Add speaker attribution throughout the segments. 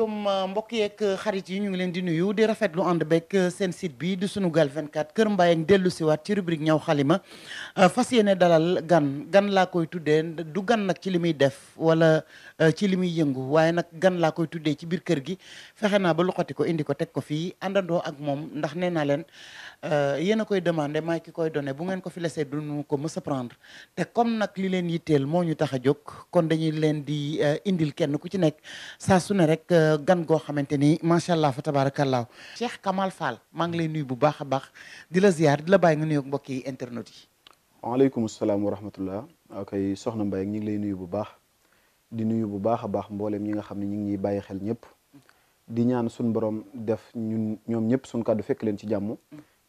Speaker 1: asalaamaaleykum euh, mbokk yeeg euh, xarit yi ñu ngi leen di nuyu di rafetlu ànd beeg euh, seen site bi di vingt 24 Kër Mbaye dellu siwaat ci rubrique ñaw xalima Euh, fas yéene dalal gan gan laa koy tuddee du gan nag ci li muy def wala euh, ci li muy yëngu waaye nag gan laa koy tuddee ci biir kër gi fexe naa ba luxati ko indi ko teg ko fii àndandoo ak moom ndax nee naa leen euh, yéen koy demande maa ki koy donné bu ngeen ko fi du nu ko mës a prendre te comme nag li leen yitteel moo ñu tax a jog kon dañuy leen di indil kenn ku ci nekk saa su ne rek gan goo xamante ni macha allah fa tabaarakallaahu Cheikh Kamal Fall maa ngi lay nuyu bu baax a baax di la ziar di la bàyyi nga nuyoog mbokk yi internet yi.
Speaker 2: waaleykum salaam wa rahmatullah akay soxna Mbaye ñu ngi lay nuyu bu baax di nuyu bu baax a baax mboolem ñi nga xam ne ñu ngi ñuy bàyyi xel ñëpp di ñaan suñu borom def ñun ñoom ñëpp suñu kàddu fekk leen ci jàmm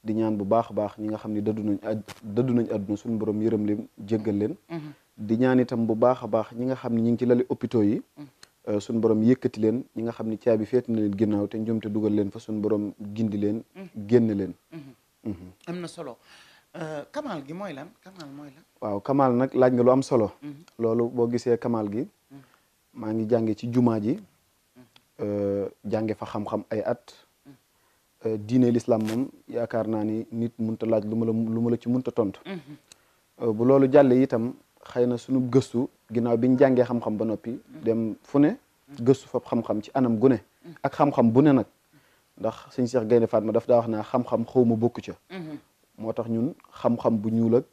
Speaker 2: di ñaan bu baax a baax ñi nga xam ne dëddu nañ dëddu nañ àdduna suñu borom yërëm leen jéggal leen mm-hmm. di ñaan itam bu baax a baax ñi nga xam ne ñi ngi ci lali hôpitaux yi mm. euh, suñu borom yëkkati leen ñi nga xam ne caabi feet na leen ginnaaw te ñoom te dugal leen fa suñu borom gindi leen mm. génn leen mm-hmm. Mm-hmm.
Speaker 1: am na solo Euh, kamal gi mooy lan kamal mooy lan.
Speaker 2: waaw kamal nag laaj nga lu am solo. Mm-hmm. loolu boo gisee kamaal gi. Mm-hmm. maa ngi jànge ci jumaa ji. Mm-hmm. Euh, jànge fa xam-xam ay at. Euh, diine lislaam moom yaakaar naa ni nit munta laaj lu ma la lu ma la ci munta tontu. bu loolu jàllee itam xëy na sunu gëstu ginnaaw bi ñu jàngee xam-xam ba noppi. dem fu ne gëstu fa xam-xam ci anam gu ne. ak xam-xam bu ne nag ndax suñu Cheikh Gaynde Fatma daf daa wax naa xam-xam xaw ma bokku ca. moo tax ñun xam-xam bu ñuul ak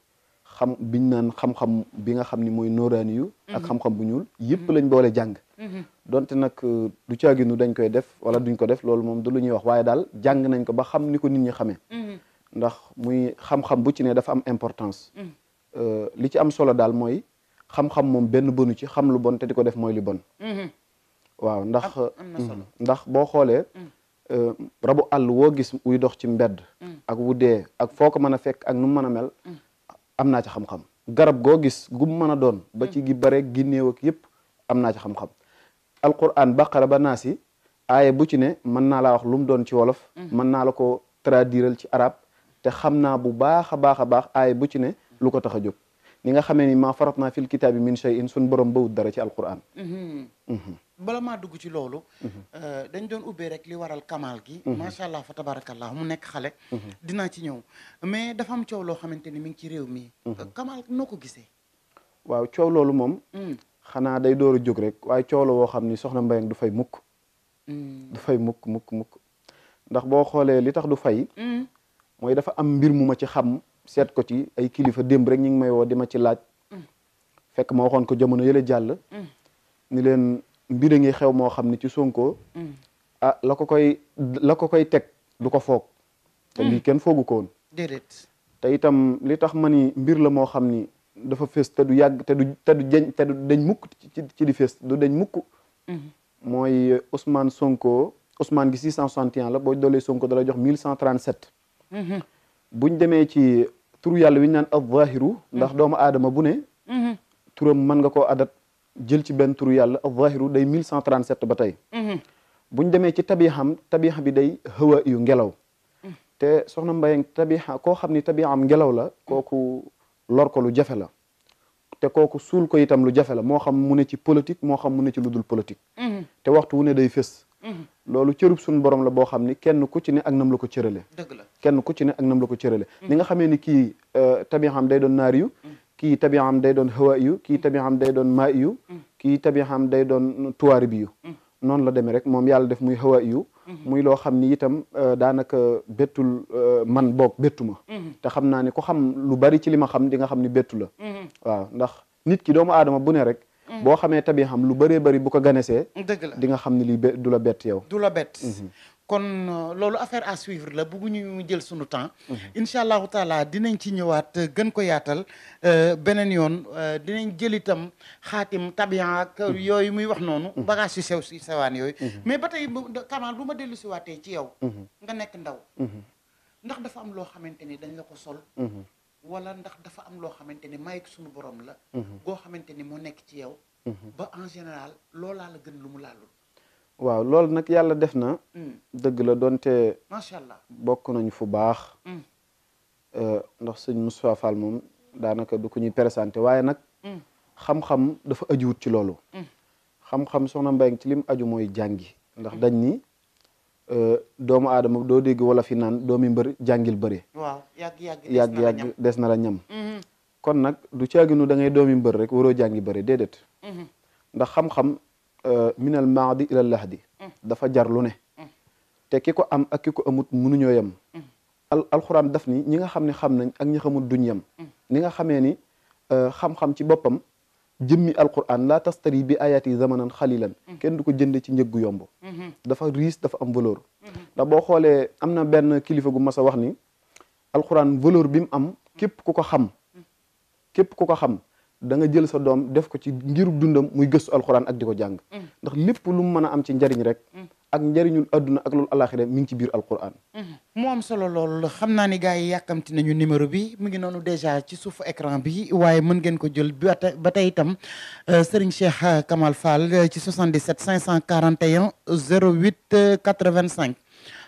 Speaker 2: xam biñ naan xam-xam bi nga xam ni mooy nooraani yu ak mhm. xam-xam bu ñuul yëpp mhm. lañ boole jàng mhm. donte nag euh, du caaginu dañ koy def wala duñ ko def loolu moom du lu ñuy wax waaye daal jàng nañ ko ba xam ni ko nit ñi xamee ndax muy xam-xam bu ci nee dafa am importance euh, li ci am solo daal mooy xam-xam moom benn bonu ci xam lu bon te di ko def mooy li bon waaw ndax ndax boo xoolee Euh, rabu àll woo gis wuy dox ci mbedd mm. ak wu dee ak foo ko mën a fekk ak nu mu mën a mel mm. am naa ci xam-xam garab goo gis gu mu mën a doon ba mm. ci gi bare gi néew ak yëpp am naa ci xam-xam alquran baqara ba naas yi aaya bu ci ne mën naa laa wax lu mu doon ci wolof mën naa la ko traduiral ci arab te xam naa bu baax a baax a baax aaya bu ci ne lu ko tax a jóg ni nga xamee ni maa farat naa fil kitaabi min shay'in suñ borom bawut dara ci al alquran mm-hmm. mm-hmm.
Speaker 1: bala maa dugg ci loolu mhm. euh, dañ doon ubbee rek li waral kamaal gi mhm. macha allah fa tabarakallah mu nekk xale mhm. dinaa ci ñëw mais dafa am coow loo xamante ni mi ngi ci réew mi euh, kamaal noo ko gisee
Speaker 2: waaw coow loolu moom mm. xanaa day door a jóg rek waaye coow la woo xam ni soxna Mbayang du fay mukk mm. du mukk mukk mukk ndax boo xoolee li tax du fay mm. mooy dafa am mbir mu ma ci xam seet ko ci ay kilifa démb rek ñu ngi may woo di ma ci laaj fekk ma waxoon ko jamono yële jàll ni leen mbir a ngi xew moo xam ne ci Sonko. Mm. a ah, la ko koy la ko koy teg du ko foog. te mm. lii kenn foogu ko woon. déedéet te itam li tax ma ni mbir la moo xam ni dafa fees te du yàgg te du te du jeñ te du dañ mukk ci ci di du dañ mukk. Mm-hmm. mooy euh, Ousmane Sonko Ousmane gi 661 la boo doolee Sonko dala jox 1137. Mm-hmm. buñ demee ci turu yàlla wiñ naan al zahiru ndax mm-hmm. doomu aadama bu ne. turam mën nga ko adat jël ci benn turu yàlla az-zahiru day 1137 ba tey. Mhm. bu ñu demee ci tabixam tabixa bi day xëwa yu ngelaw. Mhm. te soxna Mbayang tabixa koo xam ni tabixam ngelaw la kooku lor ko lu jafe la. te kooku suul ko itam lu jafe la moo xam mu ne ci politique moo xam mu ne ci lu dul politique. Mhm. te waxtu wu ne day fës. loolu cërub suñu borom la boo xam ni kenn ku ci ne ak nam la ko cërale. ku ci ne ak nam la ko cërale. ni nga xamee ni kii euh, tabixam day doon naariyu kii tabi'am day doon hawa yu kii mm. tabi'am day doon maa yu mm. kii tabi'am day doon tuwaari bi yu mm. noonu la demee rek moom yàlla def muy hawa yu mm-hmm. muy loo xam ni itam euh, daanaka bettul euh, man boog bettu ma mm-hmm. te xam naa ni ko xam lu bari ci li ma xam di nga xam ni bettu la mm-hmm. waaw ndax nit ki doomu aadama bu ne rek boo xamee tabi'am lu bëree bëri bu ko ganesee dëgg la nga xam ne li du la bett yow
Speaker 1: la bett kon euh, loolu affaire à suivre la bëgguñu jël suñu temps mhm. incha allahu taala dinañ ci ñëwaat euh, gën ko yaatal euh, beneen yoon dinañ jël itam xaatim tabian ak mhm. yooyu muy wax noonu mhm. bagage yu sew si sewaan yooyu mais ba tey Kamal bu ma dellu si waatee ci yow nga nekk ndaw ndax dafa am loo xamante ni dañ la ko sol wala ndax dafa am loo xamante ni may suñu borom la goo xamante ni moo nekk ci yow ba en général loolaa la gën lu mu laalul
Speaker 2: waaw loolu nag yàlla def na. Mm. dëgg la doonte macha allah bokk nañu fu baax. Mm. Euh, ndax sëñ Moustapha Fall moom daanaka du ko ñuy présenté waaye nag. Mm. xam-xam dafa ajuwut ci loolu. xam-xam soxna Mbaye ci lim aju mooy jàngi ndax dañ ni. Euh, doomu aadama doo dégg wala fi naan doomi mbër jàngil bëri.
Speaker 1: waaw yàgg yàgg
Speaker 2: des na la ñam mm-hmm. kon nag du caaginu da ngay doomi mbër rek waroo jàngi bëri déedéet. Mm-hmm. ndax xam-xam Euh, minal maadi ilal lahdi dafa jar lu ne te ki ko am ak ki ko amut mënuñoo yem al alxuraan daf ni ñi nga xam ne xam nañ ak ñi duñ yem ni nga xamee ni euh, xam-xam ci boppam jëmmi alquran laa tastari bi ayati zamanan xalilan kenn du ko jënd ci njëggu yomb dafa riis dafa am valeur ndax boo xoolee am na benn kilifa gu mas a wax ni alquran valeur bi mu am képp ku ko xam képp ku ko xam danga jël sa doom def ko ci ngir dundam muy gëstu alxuraan ak di ko jàng mm. ndax lépp lu mu mën a am ci njariñ rek mm. ak njariñul adduna ak loolu alaxira mi ngi ci biir alxuraan
Speaker 1: mm. mu am solo loolu xam naa ni gars yi yàkkamti nañu numéro bi mu ngi noonu dèjà ci suufu écran bi waaye mën ngeen ko jël ba tey itam euh, Serigne Cheikh Kamal Fall euh, ci 77 541 08 85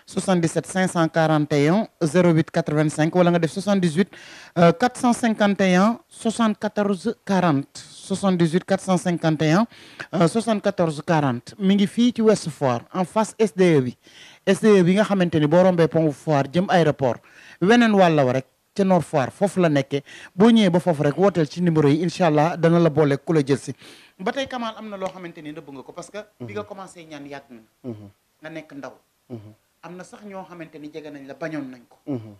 Speaker 1: 77 541 08 85 wala nga def 78 451 74 40 78 451 74 40 mi ngi fii ci Ouest Foire en face SDE bi SDE bi nga xamante ni boo rombee pont Foire jëm aéroport weneen wàlla wa rek ca Nord Foire foofu la nekkee boo ñëwee ba foofu rek wooteel ci numéro yi incha allah dana la boole ku la jël si ba tey Kamal am na loo xamante ni nëbb nga ko parce que bi nga commencé ñaan yàgg na mm-hmm. nekk ndaw mm-hmm. am na sax ñoo xamante ni jege nañ la bañoon nañ ko. Mhm.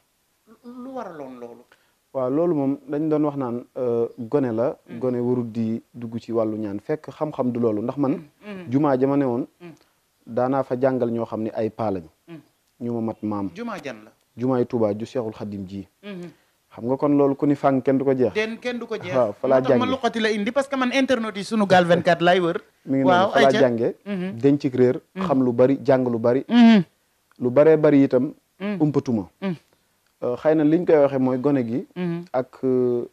Speaker 1: lu waraloon loolu.
Speaker 2: waaw loolu moom dañ doon wax naan euh, gone la. Mm. gone warul di dugg ci wàllu ñaan fekk xam-xam du loolu ndax man. Mm. Mm. jumaa ja ma ne woon. daanaa fa jàngal ñoo xam ni ay paa lañu. ñu ma mat maam. jumaa jan la. jumaay Tuubaa ju Seexul Xadim ji. Mm-hmm. xam nga kon loolu ku ni fang kenn du ko jeex. den
Speaker 1: kenn du ko jeex waaw fa laa jàngee parce que man internet yi sunu gaal 24
Speaker 2: laay wër. mi ngi laa jàngee. Mm-hmm. denc réer. Mm-hmm. xam lu bari jàng lu bari. lu bare bari itam mm. umpatuma mm. Euh, xëy na liñ koy waxee mooy gone gi mm-hmm. ak euh,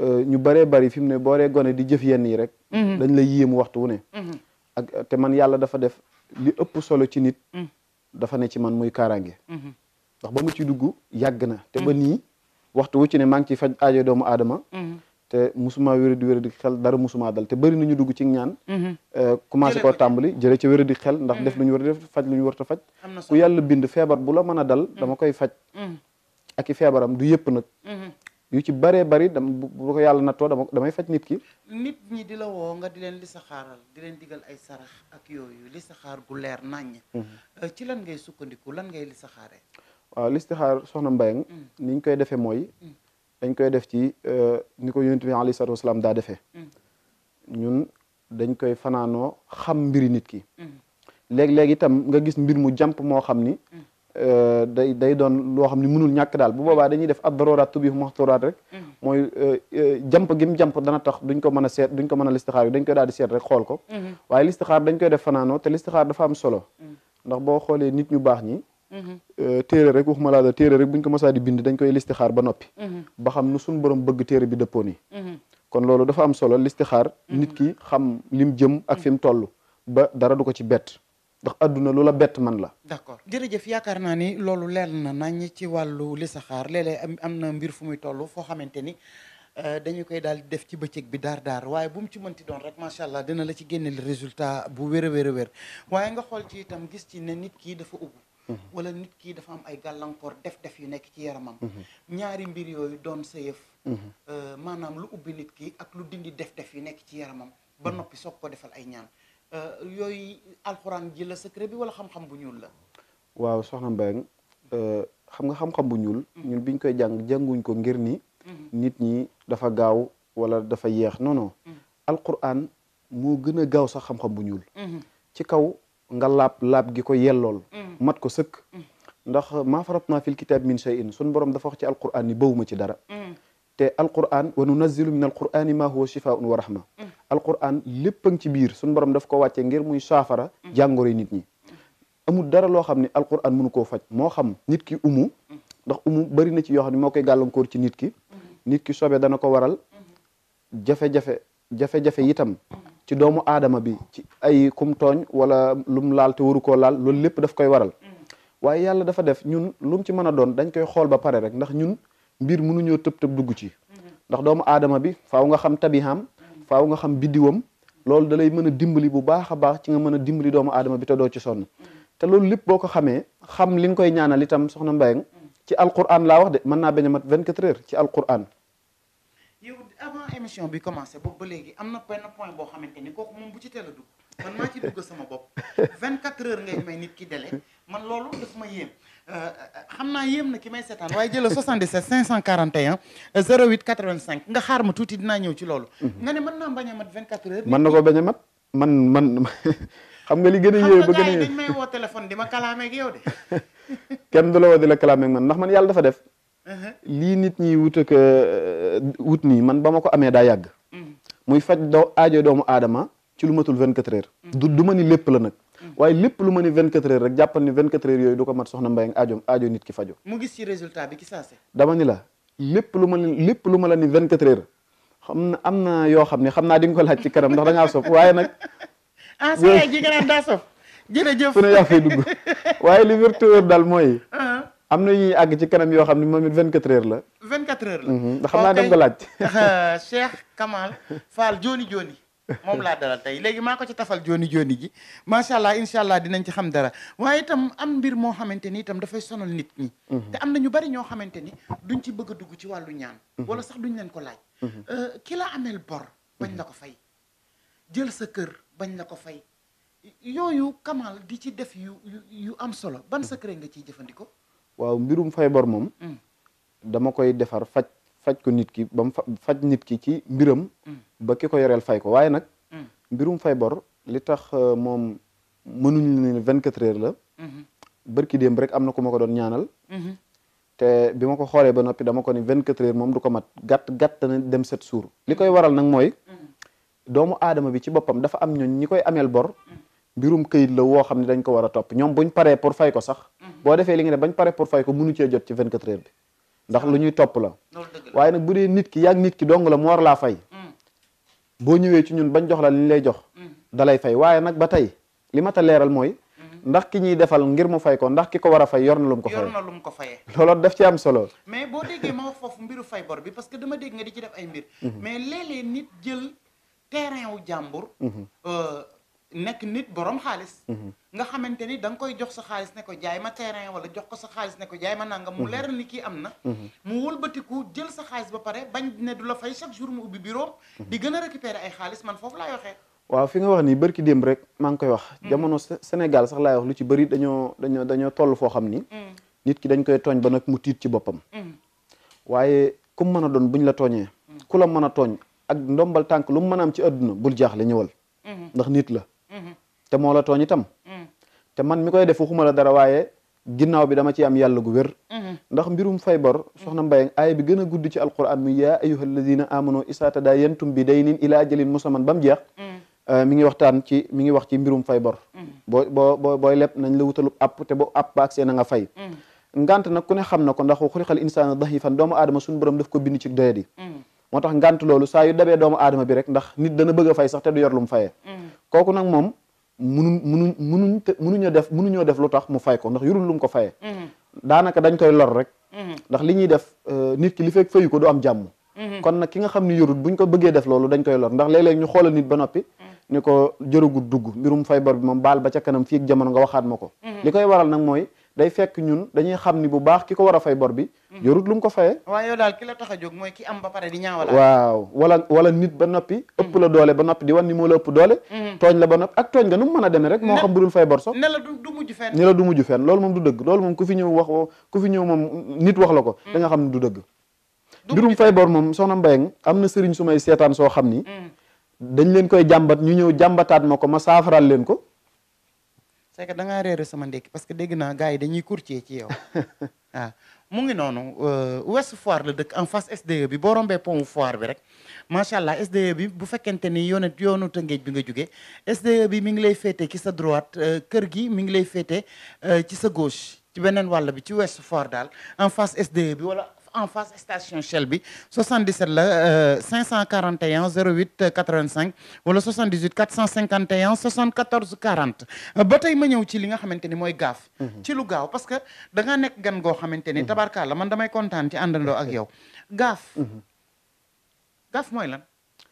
Speaker 2: euh, ñu bare bari fi mu ne booree gone di jëf yenn yi rek mm-hmm. dañ lay yéemu waxtu wu ne mm-hmm. te man yàlla dafa def li ëpp solo ci nit mm. dafa ne ci man muy kaaraange ndax ba mu ci dugg yàgg na te ba nii waxtu wu ci ne maa ci ciy faj aajo doomu aadama te musuma wér di wér di xel dara musuma dal te bari nañu dugg ci ñaan mhm. euh, commencé koo tàmbali jëre ci wér di xel ndax mhm. def lu ñu war a faj lu ñu war a faj ku yàlla bind feebar bu la mën a dal mhm. dama koy faj ak i feebaram du yëpp nag yu ci bare bari dama bu ko yàlla nattoo dama damay faj nit ki
Speaker 1: nit ñi di la woo nga di leen li saxaaral di leen digal ay sarax ak yooyu li saxaar gu leer naññ euh, ci lan ngay sukkandiku lan ngay li saxaaree
Speaker 2: waaw listixaar soxna mbay ni koy defee mooy dañ koy def ci euh, ni ko yonent bi alayhi salaatu wasalaam daa defee mm. ñun dañ koy fanaanoo xam mbiri nit ki mm. léeg-léeg itam nga gis mbir mu jàmp moo xam ni mm. euh, day day doon loo xam ni mënul ñàkk daal bu boobaa dañuy def ad-daruraat tubiihu mahduuraat rek mooy euh, jàmp gim jàmp dana tax duñ ko mën a seet duñ ko mën a listixaar yi dañ koy daal di seet rek xool ko mm-hmm. waaye listixaar dañ koy def fanaanoo te listixaar dafa am solo ndax boo xoolee nit ñu baax ñi Euh, téere rek waxuma laa la téere rek buñ ko masaa di bind dañ koy listixaar ba noppi mhm. ba xam nu suñ borom bëgg téere bi dëppoon mhm. kon loolu dafa am solo listixaar mhm. nit ki xam lim jëm ak fi mu ba dara du ko ci bett ndax àdduna lu la bett man la
Speaker 1: d'accord jërëjëf yaakaar naa ni loolu leer na nañ ci wàllu ni euh, dañu koy daal di def ci bëccëg bi daar daar waaye bu mu ci mënti doon rek macha allah dina la ci génneel résultat bu wér a wér a waaye nga xool ci itam gis ci ne nit kii dafa ubbu wala nit ki dafa am ay gàllankoor def-def yu nekk ci yaramam. Mhm. ñaari mbir yooyu doon sa yëf. Mhm. Euh, maanaam lu ubbi nit ki ak lu dindi def-def yu nekk ci yaramam. ba mhm. noppi soog ko defal ay ñaan euh, yooyu alxuraan ji la bi wala xam-xam bu ñuul la.
Speaker 2: waaw soxna Mbengue euh, nga xam bu ñuul. ñun biñ koy jàng jànguñ ko ngir ni. nit ñi dafa gaaw wala dafa yeex non alxuraan moo gën a gaaw sax xam-xam bu ñuul. ci kaw nga laab laab gi ko yellool mm. mat ko sëkk mm. ndax maa faratna fil kitab min shay'in suñ borom dafa wax ci alquran ni bawuma ci dara mm. te alquran wa nunazzilu min alqurani ma huwa shifaun wa rahma alquran lépp a ci biir suñ borom daf ko wàcce ngir muy saafara jàngoro nit ñi amul dara loo xam ne alquran mënu koo faj moo xam nit ki umu ndax umu bari na ci yoo xam ne moo koy gàllankoor ci nit ki nit ki sobe dana ko waral jafe-jafe jafe-jafe itam ci doomu aadama bi ci ay kum tooñ wala lum laal te waru koo laal loolu lépp daf koy waral waaye yàlla dafa def ñun lum ci mën a doon dañ koy xool ba pare rek ndax ñun mbir mënuñoo tëb tëb dugg ci ndax doomu aadama bi faaw nga xam tabihaam faaw nga xam biddiwam loolu da lay mën a dimbali bu baax a baax ci nga mën a dimbali doomu aadama bi te doo ci sonn te loolu lépp boo ko xamee xam li nga koy ñaanal itam soxna Mbayang ci alquran laa wax de mën naa bañ a mat 24 heures ci
Speaker 1: avant émission bi commencé boobu ba léegi am na benn point boo xamante ni kooku moom bu ci teel a dugg man maa ci dugg sama bopp 24 heures ngay may nit ki délai man loolu ma yéem euh, euh, euh, xam naa yéem na ki may seetaan waaye jëla 77 541 08 85 nga xaar ma tuuti dinaa ñëw ci loolu. Mhm. nga ne mën naa bañ a mat 24 heures. man na ko
Speaker 2: bañ a mat man man xam nga li gën a yéeme ba gën a yéeme
Speaker 1: téléphone di ma kalaamee ak yow de.
Speaker 2: kenn du la woo di la kalaamee man ndax man yàlla dafa def. Uh-huh. lii nit ñi wut ak uh, wut nii man ba ma ko amee daa yàgg. Mm. muy faj doo aajo doomu aadama ci lu matul vingt quatre heures. Mm. du du ma ni lépp la nag. Mm. waaye lépp lu ma ni vingt quatre heures rek jàppal ni vingt quatre heures yooyu du ko mat soxna Mbayang aajo aajo nit ki fajo
Speaker 1: mu gis ci résultat
Speaker 2: dama ni la lépp lu ma lépp lu ma la ni vingt quatre heures xam na am na yoo xam ni xam naa di ko laaj ci kanam ndax da ngaa sof waaye nag.
Speaker 1: ah sa
Speaker 2: ne yaa fay waaye li daal mooy. am na ñuy àgg ci kanam yoo xam ne moom it 24 heures la.
Speaker 1: 24 heures
Speaker 2: la. Mhm. ndax xam naa dem nga laaj.
Speaker 1: Euh, Cheikh Kamal Fall jooni jooni moom laa dalal tey léegi maa ko ci tafal jooni jooni ji macha allah incha allah dinañ ci xam dara waaye itam am mbir moo xamante ni itam dafay sonal nit ñi. Mhm. am na ñu bari ñoo xamante ni duñ ci bëgg a dugg ci wàllu ñaan. Mhm. wala sax duñ leen ko laaj. Euh, ki la ameel bor bañ la ko fay jël sa kër bañ la ko fay yooyu Kamal di ci def yu yu am solo ban sa secret nga ciy jëfandikoo.
Speaker 2: waaw mbirum fay bor moom mm. dama koy defar faj faj ko nit ki ba mu faj nit ki ci mbiram mm. ba ki ko yoreel fay ko waaye nag mm. mbirum fay bor li tax euh, moom mënuñu ne vingt quatre heures la mm-hmm. bërki démb rek am na ku ma ko doon ñaanal mm-hmm. te bi ma ko xoolee ba noppi dama ko ni vingt quatre heures moom du ko mat gàtt gàtt na dem set suur li koy waral nag mooy mm-hmm. doomu aadama bi ci boppam dafa am ñooñ ñi koy ameel bor mbirum këyit la woo xam ne dañ ko war a topp ñoom buñ paree pour fay ko sax mhm. boo defee li nga ne bañ paree pour fay ko mënu cee jot ci 24 heures bi ndax lu ñuy topp la waaye nag bu dee nit ki yaag nit ki dong la mu war laa fay mhm. boo ñëwee ci ñun bañ jox la li ñu lay jox mhm. da lay fay waaye nag ba tey li ma ta leeral mooy ndax ki ñuy defal ngir mu fay ko ndax ki ko war a fay yor na lum ko fayee yor na ko fayee loolu daf ci am solo
Speaker 1: ma foofu mbiru fay bi parce que dama dégg di ci def ay mbir mais léeg-léeg nit jël nekk nit boroom xaalis. Mhm. nga xamante ni da nga koy jox sa xaalis ne ko jaay ma terrain wala jox ko sa xaalis ne ko jaay ma nangam. mu mhm. leer ni kii am na. Mhm. mu wëlbatiku jël sa xaalis ba pare bañ ne du la fay chaque jour mu ubbi bureau di gën a récupérer ay xaalis man foofu laay waxee.
Speaker 2: waaw fi nga wax nii barki démb rek maa ngi koy wax. jamono Sénégal sax laay wax lu ci bari dañoo dañoo dañoo toll foo xam ni. nit ki dañ koy tooñ ba nag mu tiit ci boppam. waaye ku mu mën a doon buñ la tooñee. ku la mën a tooñ ak ndombal tànk lu mu mën a am ci àdduna bul jaaxle ñëwal. ndax nit la. te moo la tooñ itam mm. te man mi koy def waxuma la dara waaye ginnaaw bi dama ci am yàlla gu wér mm-hmm. ndax mbirum fay bor soxna Mbaye aaya bi gën a gudd ci alquran mu yaa ayyuhal ladina amanu isaa tadaayantum bi daynin ilaa ajalin musamman ba mu jeex mm. euh, mi ngi waxtaan ci mi ngi wax ci mbirum fay bor mm. boo boo boo boo leb nañ la wutalub app te bo app baak a nga fay ku ne xam na ko ndax xuliqal insaana dahifan doomu aadama suñu borom daf ko bind ci doyadi moo tax ngant loolu saa yu dabee doomu aadama bi rek ndax nit dana bëgg a fay sax te du yor lu mu fayee nag moom munuñ munuñ munuñ te munuñoo def munuñoo def lu tax mu fay ko ndax yorul lu ko fayee. daanaka dañ koy lor rek. ndax li ñuy def euh, nit ki li fekk fayu ko du am jàmm. kon nag ki nga xam ni yorul buñ ko bëggee def loolu dañ koy lor ndax léeg-léeg ñu xoolal nit ba noppi. ni ko jërëgu dugg mbirum fay bor bi moom baal ba ca kanam fii ak jamono nga waxaat ma ko. li koy waral nag mooy day fekk ñun dañuy xam ni bu baax ki ko war a fay bor bi. Mhm. yorut lu mu ko fayee.
Speaker 1: waaw yow daal ki la tax a jóg mooy ki am ba pare di ñaawal. waaw
Speaker 2: wala wala nit ba noppi. ëpp la mhm. doole ba noppi di wan ni moo la ëpp doole. Mhm. tooñ la ba noppi ak tooñ nga nu mu mën a demee rek. moo xam bu dul fay bor sax. ne la du du mujj fenn. ne la du mujj fenn loolu moom du dëgg loolu moom ku fi ñëw wax moom nit wax la ko. da nga xam ne du dëgg. mbirum fay bor moom soxna Mbayang am na sëriñ su may seetaan soo xam ni. dañ leen koy jàmbat ñu ñëw jàmbataat ma ko ma saafaral leen ko
Speaker 1: c'est que da sama ndékki parce que dégg naa gaay dañuy courtier ci yow waaw ah, mu ngi noonu euh, Ouest foir la dëkk en face SDE bi boo rombee pont Foire bi rek macha allah sd e bi bu fekkente ni yoonu yoonu Tëngéej bi nga jógee sd bi mi ngi lay féete ci sa droite euh, kër gi mi ngi lay féete euh, ci sa gauche ci beneen wàll bi ci Ouest Foire daal en face sd e bi wala. en face station Shell bi 77 la 541 08 85 wala 78 451 74 40 ba tey ma ñëw ci li nga xamante ni mooy gaaf. Mhm. ci lu gaaw parce que da ngaa nekk gan goo xamante ni mhm. la man damay kontaan ci àndandoo ak yow gaaf. Mhm. gaaf mooy lan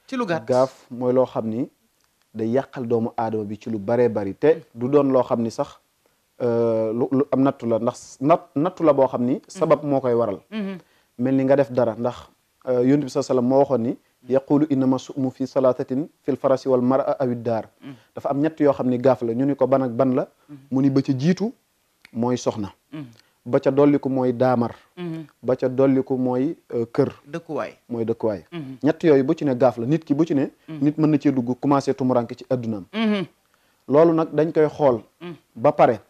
Speaker 2: ci lu gàtt gaaf mooy loo xam ni day yàqal doomu aadama bi ci lu baree bari te du doon loo xam ni sax euh, lu am nattu la ndax nat nattu la boo xam ni sabab moo koy waral mel ni nga def dara ndax euh, yonent bi saa sallam moo waxoon ni yaqulu innama sumu fi salatatin fil farasi wal mara awid daar dafa am ñett yoo xam ni gaaf la ñu ni ko ban ak ban la mu ni ba ca jiitu mooy soxna ba ca dolliku mooy daamar ba ca dolliku mooy euh, kër dëkkuwaay mooy dëkkuwaay mhm. ñett yooyu bu ci ne gaaf la nit ki bu ci ne mhm. nit mën na cee dugg commencé tumuranke ci addunaam mhm. loolu nag dañ koy xool ba pare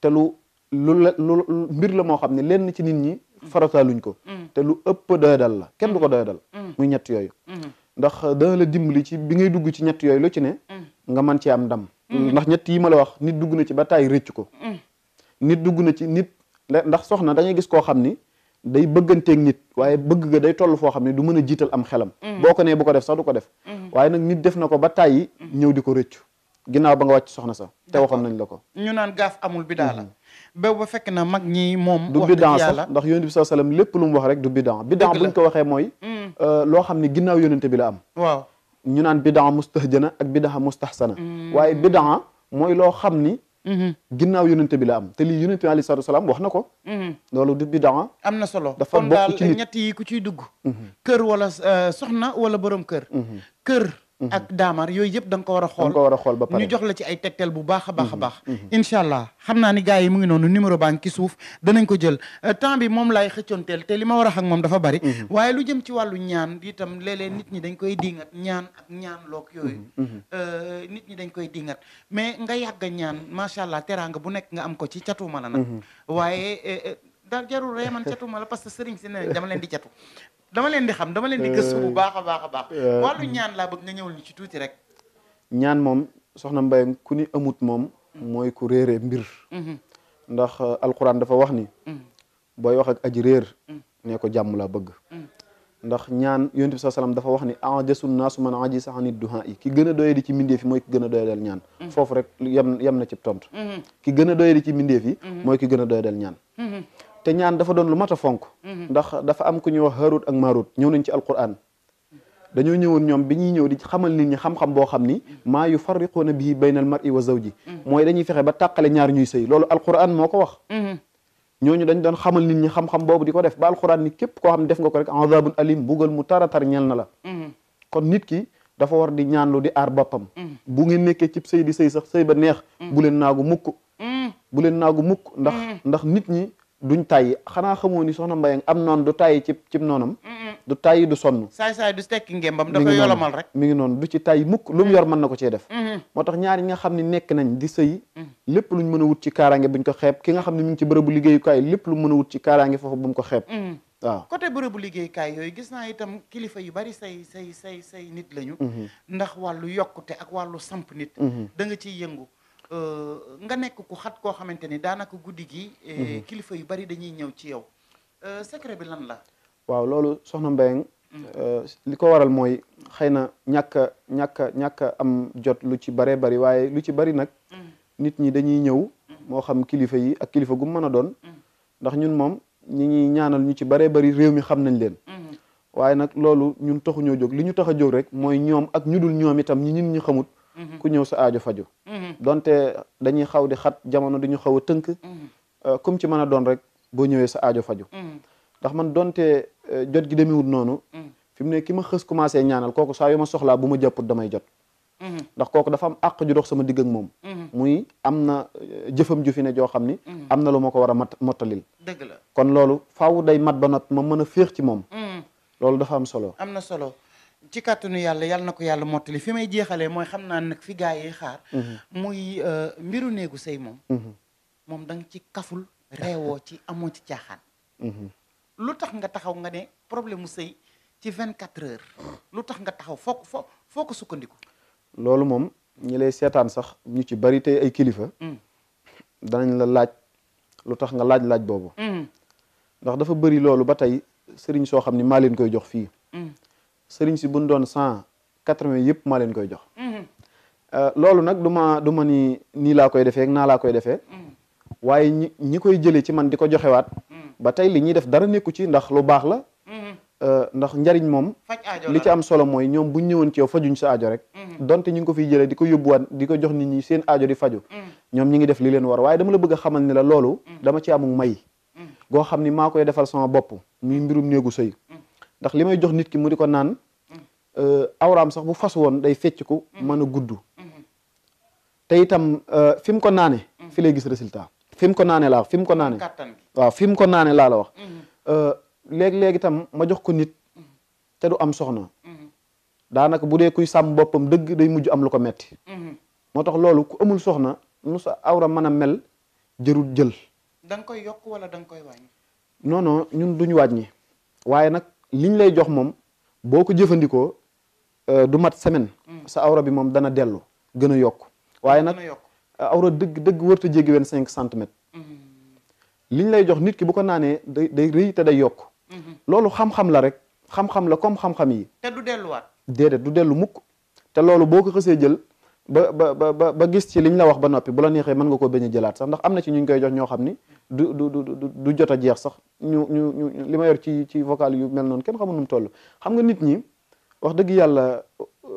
Speaker 2: te lu lu la lu mbir la moo xam ne lenn ci nit ñi farataaluñ ko mm. te lu ëpp doyadal la kenn du ko mm. doyadal mm. muy ñett yooyu ndax dana la ci bi ngay dugg ci ñett yooyu lu ci ne nga mën ci am ndam ndax ñett yi ma la wax nit dugg na ci ba tàyyi rëcc ko nit dugg na ci nit ndax soxna da gis koo xam ni day bëgganteeg nit waaye bëgg ga day toll foo xam ne du mën a jiital am xelam boo ko nee bu ko def sax du ko def waaye nag nit def na ko ba tàyyi ñëw di ko rëccu ginnaaw ba nga wàcc soxna sax te waxoon
Speaker 1: ba ba fekk na mag ñi moom. du bidan sax
Speaker 2: ndax yonent bi sallallahu alayhi wasallam lépp lu mu wax rek du bidan bidan buñ ko waxee mooy. Mm. Euh, loo xam ne ginnaaw yonent bi la am. waaw ñu naan bidan mustahjana ak bidan mustahsana. Mm. waaye bidan mooy loo xam ni. Mm-hmm. ginnaaw yonent bi la am te lii yonent bi alayhi salaatu wax na ko. Mm-hmm. loolu du
Speaker 1: bidan. am na solo dafa bokk ci nit kon daal ñett yi ku ciy dugg. Mm-hmm. kër wala euh, soxna wala borom kër. kër. Mm-hmm. ak daamar yooyu yëpp danga ko war a xool ko war a xool ba pare jox la ci ay tegtal bu baax a baax a mm-hmm. baax mm-hmm. incha allah xam naa ni gars yi mu ngi noonu numéro baa ngi ci suuf danañ ko jël euh, temps bi moom laay xëccoonteel te li ma war a wax ak moom dafa bari waaye lu jëm ci wàllu ñaan itam léeg nit ñi dañ koy dingat ñaan ak ñaan loog yooyu euh, nit ñi dañ koy dingat mais nga yàgg ñaan macha allah teraanga bu nekk nga am ko ci catuuma la nag waaye euh, daal jarul ree man catuma la parce que sëriñ si dama leen di catu dama leen di xam dama leen di gëstu bu euh, baax a baax a baax. Euh, wàllu ñaan laa bëgg nga ñëwul ñu ci tuuti rek.
Speaker 2: ñaan moom soxna mbay ku ni amut moom. Mm. mooy ku réeree mbir. Mm-hmm. ndax euh, alxuraan dafa wax ni. Mm. booy wax ak aji réer. Mm. nee ko jàmm laa bëgg. ndax ñaan yonent bi salaam dafa wax ni ajasun naasu man ajisa ani duhaa yi ki gën a doyadi ci mbindeef yi mooy ki gën a doyadal ñaan. foofu rek yem yem na ci tontu. Mm-hmm. ki gën a doyadi ci mbindeef yi. Mm-hmm. mooy ki gën a doyadal ñaan. te ñaan dafa doon lu mat a fonk mhm. ndax dafa am ku ñuy wax Haarut ak Maarut ñëw nañ ci alquran dañoo ñëwoon ñoom bi ñuy ñëw di xamal nit ñi xam-xam boo xam ni mhm. maa yufarriquuna bihi bayna al mar'i wa zawji mhm. mooy dañuy fexe ba tàqale ñaar ñuy sëy loolu alquran moo ko wax ñooñu dañ doon xamal nit ñi xam-xam boobu di ko def ba alquran ni képp koo xam ne def nga ko rek azabun alim bugal mu taratar ñel na la kon nit ki dafa war di ñaanlu di aar boppam bu nekkee cib sëy di sëy sax sëy ba neex bu leen mukk bu leen mukk ndax duñ tay xanaa xamoo ni soxna mbay am noon du tàyyi ci cib noonam du tàyyi du sonn
Speaker 1: saay saay du tekki ngembam dafa yolomal
Speaker 2: rek mi ngi noonu du ci tàyyi mukk lu mu yor mën na ko cee def moo tax ñaar yi nga xam ne nekk nañ di sëy lépp luñ mën a wut ci kaaraange buñ ko xeeb ki nga xam ne mi ngi ci bërëbu liggéeyukaay lépp lu mën a wut ci kaaraange foofu bu mu ko xeeb waaw
Speaker 1: côté bërëbu liggéeykaay yooyu gis naa itam kilifa yu bari say say say say nit lañu mm-hmm. ndax wàllu yokkute ak wàllu samp nit mm-hmm. da nga ciy yëngu Euh, nga nekk ku xat koo xamante ni daanaka guddi gi. Eh, mhm. kilifa yu bari dañuy ñëw ci yow. Euh, secret bi lan la.
Speaker 2: waaw loolu soxna Mbayang. Mm. Euh, li ko waral mooy xëy na ñàkk a ñàkk ñàkk am jot lu ci baree bari waaye lu ci bari nag. Mm. nit ñi dañuy ñëw. Mm. moo xam kilifa yi ak kilifa gu mën a doon. ndax ñun moom ñi ñuy ñaanal ñu ci baree bari réew mi xam nañ leen. waaye nag loolu ñun taxuñoo jóg li ñu tax a jóg rek mooy ñoom ak ñu dul ñoom itam ñi ñun ñu xamut. Mm-hmm. ku ñëw sa aajo faju mm-hmm. donte dañuy xaw di xat jamono du ñu a tënk comme mm-hmm. uh, ci mën a doon rek boo ñëwee sa aajo faju ndax man donte uh, jot gi demewul noonu fi mu ne ki ma xës commencé ñaanal kooku saa yu ma soxlaa bu ma jàpput damay jot ndax kooku dafa am àq ju dox sama digg ak moom muy am na uh, jëfam ju joo xam ni am na lu ma ko war a mat mottalil dëgg la kon loolu faaw day mat ba not ma mën a féex ci moom loolu dafa am solo
Speaker 1: ci kàttanu yàlla yàlla na ko yàlla li fi may jeexalee mooy xam naa nag fi gaa yi xaar. Mhm. muy euh, mbiru néegu sëy moom. Mhm. moom da ci kaful reewoo ci amoo ci caaxaan. Mhm. lu tax nga taxaw nga ne problème mu sëy ci vingt quatre heures lu tax nga taxaw foo ko foo sukkandiku.
Speaker 2: loolu moom ñi lay seetaan sax ñu ci bari tey ay kilifa. Mm. danañ la laaj lu tax nga laaj laaj boobu. Mm. ndax dafa bëri loolu ba tey sëriñ soo xam ni maa leen koy jox fii. Mm. sëriñ si bu buñ doon cent quatre-vingts yëpp ma leen koy jox. Mhm. Euh, loolu nag du ma du ma ni nii laa koy defee naa laa koy defee. Mhm. waaye ñi ñi koy jële ci man di ko joxewaat. Mhm. ba tey li ñuy def dara nekku ci ndax lu baax la. Euh, ndax njariñ moom. li ci am solo mooy ñoom bu ñëwoon ci yow fajuñ sa aajo rek. donte ñu ngi ko fiy jëlee di ko yóbbuwaat di ko jox nit ñi seen ajo di faju ñoom ñi ngi def li leen war waaye dama la bëgg a xamal ni la loolu. dama ci amug may. goo xam ni maa koy defal sama bopp muy mbirum néegu sëy ndax li may jox nit ki mu di ko naan euh, awraam sax bu fas woon day fecc ko mm-hmm. mën a gudd mm-hmm. te itam euh, fi mu ko naane mm-hmm. fi lay gis résultat fi mu ko naane laa fi mu ko naane waaw la wax euh, léeg-léeg itam ma jox ko nit te du am soxna daanaka bu dee kuy sàmm boppam dëgg day mujj am lu ko metti moo tax loolu ku amul soxna nu sa awra mën a mel jërul jël
Speaker 1: da nga koy yokk wala da koy wàññi
Speaker 2: non waaye nag liñ lay jox moom boo ko jëfandikoo euh, du mat semaine. Mm. sa awra bi moom dana dellu gën a yokk waaye nag euh, awra dëgg dëgg warut a jéggi cinq centimètres. Mm. liñ lay jox nit ki bu ko naanee day day rëy te day yokk. Mm-hmm. loolu xam-xam la rek xam-xam la comme xam-xam yi.
Speaker 1: te du delluwaat.
Speaker 2: déedéet du dellu mukk te loolu boo ko xësee jël. ba ba ba ba gis ci liñ la wax ba noppi bu la neexee mën nga koo bañ a jëlaat sax ndax am na ci ñu ngi koy jox ñoo xam ni du du du du jot a jeex sax ñu ñu ñu li ma yor ci ci vocal yu mel noonu kenn xamul nu mu toll. xam nga nit ñi wax dëgg yàlla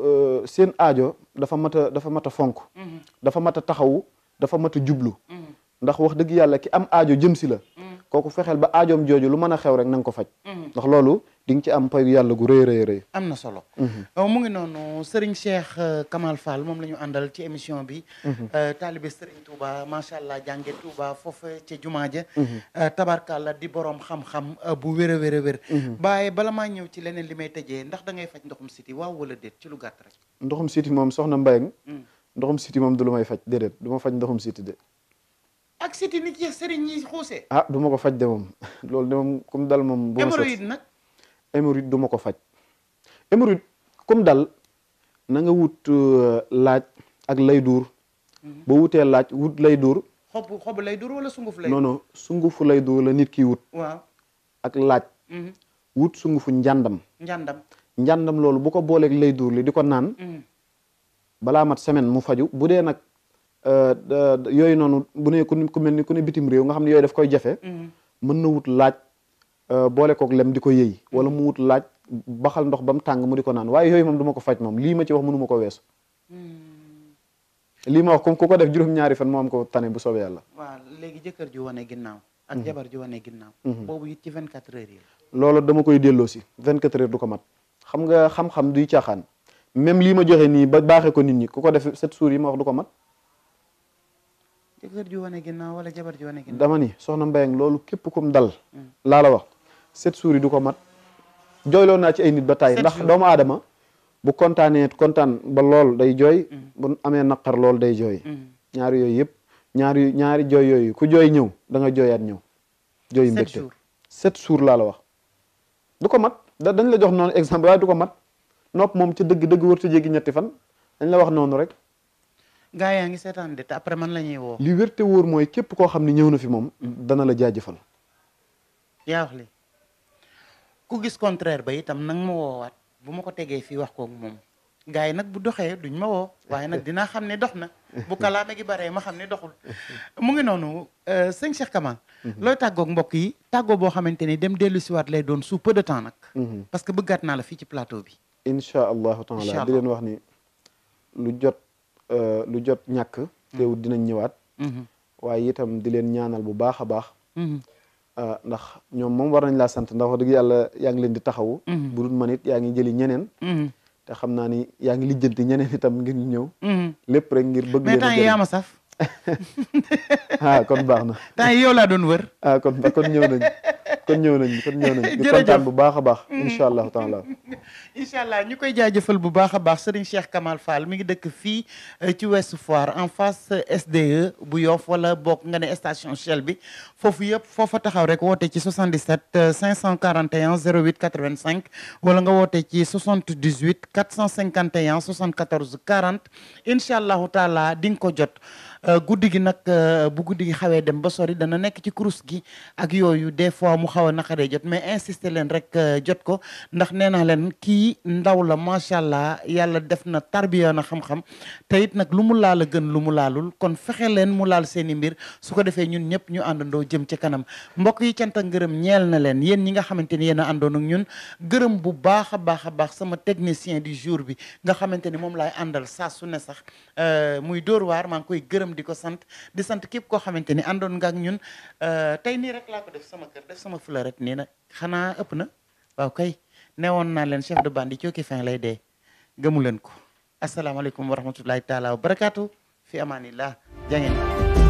Speaker 2: euh, seen aajo dafa mat dafa mat a fonk. Mhm. dafa mat a taxawu dafa mat a jublu. Mhm. ndax wax dëgg yàlla ki am aajo jëm si la. Mhm. kooku fexeel ba aajoom jooju lu mën a xew rek na ko faj mm-hmm. ndax loolu di nga ci am payu yàlla gu rëy rëy am na solo mm-hmm.
Speaker 1: euh, mu ngi noonu Serigne Cheikh euh, Kamal Fall moom la ñu àndal ci émission bi mm-hmm. euh, taalibe Serigne Touba macha allah jànge Touba foofu ci jumaa ja tabarkàlla di borom xam-xam bu wér a wér a wér baaye bala maa ñëw ci leneen li may tëjee ndax da ngay faj ndoxum siti waaw wala déet ci lu gàtt rek
Speaker 2: ndoxum siti moom soxna Mbayang mm. ndoxum siti moom du lu faj déedéet du ma faj ndoxum siti de
Speaker 1: ak siti nit yi sëriñ yi xuuse.
Speaker 2: ah du ma ko faj de moom loolu de moom comme dal moom. bu ma hémorroïde nag. hémorroïde ko faj hémorroïde comme dal na nga wut euh, laaj ak lay duur. Mhm. ba wutee laaj wut lay duur.
Speaker 1: xobu xobu lay duur wala sunguf lay. non
Speaker 2: sungufu lay duur la nit ki wut. waaw ak laaj. Mhm. wut sungufu njàndam. njàndam loolu bu ko booleeg lay duur li di ko naan. Mhm. balaa mat semaine mu faju bu dee nag. Euh, yooyu noonu bu ne ku mel ni ku ne bitim réew nga xam ne yooyu daf koy jafe mm-hmm. mën na wut laaj euh, boole kook lem di ko yëy mm-hmm. wala mu wut laaj baxal ndox ba mu tàng mu di ko naan waaye yooyu moom du ma ko faj moom lii ma ci wax mënu ma ko weesu mm-hmm. lii ma wax ku ko def juróom-ñaari fan moo am ko tane bu soobee yàlla
Speaker 1: waaw léegi jëkkër ju wane ginnaaw ak jabar ju wane ginnaaw boobu it ci vingt quatre heures yi
Speaker 2: loolu dama koy delloo si vingt quatre heures du ko mat xam nga xam-xam duy caaxaan même lii ma joxe nii ba baaxee ko nit ñi ku ko def sept jours yi ma wax du ko mat
Speaker 1: jëkkër ju wane ginnaaw wala jabar ju wane ginnaaw
Speaker 2: dama ni soxna Mbayang loolu képp kum dal. laa la wax sept jours yi du ko mat. jooyloo naa ci ay nit ba tàyyi ndax doomu aadama bu kontaanee kontaan ba lool day jooy. Mm. bu amee naqar lool day jooy. Mm. ñaari yooyu yëpp ñaari ñaari jooy yooyu ku jooy ñëw da jooyaat ñëw. jooyu mbégte sept jours laa la wax. du ko mat dañ la jox noonu exemple waaye du ko mat nopp moom ci dëgg dëgg wërtu jéggi ñetti fan dañ la wax noonu rek.
Speaker 1: gaa yaa ngi seetaan de te après man la ñuy woo. li
Speaker 2: wér wóor mooy képp koo xam ne ñëw na fi moom dana la jaajëfal.
Speaker 1: yaa wax li ku gis contraire ba itam nag ma woowaat bu ma ko tegee fii wax kook moom gaa yi nag bu doxee duñ ma woo waaye nag dina xam ne dox na bu kalaame gi baree ma xam ne doxul mu ngi noonu euh, sëñ Cheikh Kama. Mhm. looy tàggoog mbokk yi tàggoo boo xamante ni dem dellu siwaat lay doon sous peu de temps nag. Mhm. parce que bëggaat naa la fii ci plateau bi.
Speaker 2: incha allahu taala di leen wax ni jot. Euh, lu jot ñàkk teewut mm-hmm. dinañ ñëwaat mm-hmm. waaye itam di leen ñaanal bu baax a baax mm-hmm. euh, ndax ñoom moom war nañ laa sant ndax wax dëgg yàlla yaa leen di taxawu bu dul man it yaa ngi jëli ñeneen te xam naa ni yaa ngi lijjanti ñeneen itam ngir ñu ñëw lépp rek ngir bëgg leen mais yaa ma saf ah kon baax na temps yow laa doon wër ah kon kon ñëw nañ kon ñëw nañu kon ñëw nañu. jërëjëf kontaan bu baax a baax. Mm. incha allahu taala.
Speaker 1: incha allah ñu koy jaajëfal bu baax a baax Serigne Cheikh Kamal Fall mi ngi dëkk fii euh, ci Ouest Foire en face euh, SDE bu Yoff wala bokk nga ne station Shell bi foofu yëpp foofa taxaw rek wootee ci 77 541 08 85 wala nga woote ci 78 451 74 40 incha allahu taala di nga ko jot. Euh, guddi gi nag euh, bu guddi gi xawee dem ba sori dana nekk ci kurus gi ak yooyu des fois mu xaw a naqaree jot mais insister leen rek euh, jot ko ndax nee naa leen kii ndaw la macha allah yàlla def na tarbiya na xam-xam te it nag lu mu laal a gën lu mu laalul kon fexe leen mu laal seen i mbir su ko defee ñun ñëpp ñu àndandoo jëm ci kanam mbokk yi cant gërëm ñeel na leen yéen ñi nga xamante ni yéen a àndoon ak ñun gërëm bu baax a baax a baax sama technicien du jour bi nga xamante ni moom laay àndal saa sax di ko sant di sant képp koo xamante ni àndoon nga ak ñun euh, tey nii rek laa ko def sama kër def sama fula rek nii na xanaa ëpp na waaw kay newoon naa leen chef de bande cooki fin lay dee gëmu leen ko asalaamaaleykum wa rahmatullahi taala wa barakaatu fi amaanillah jangeen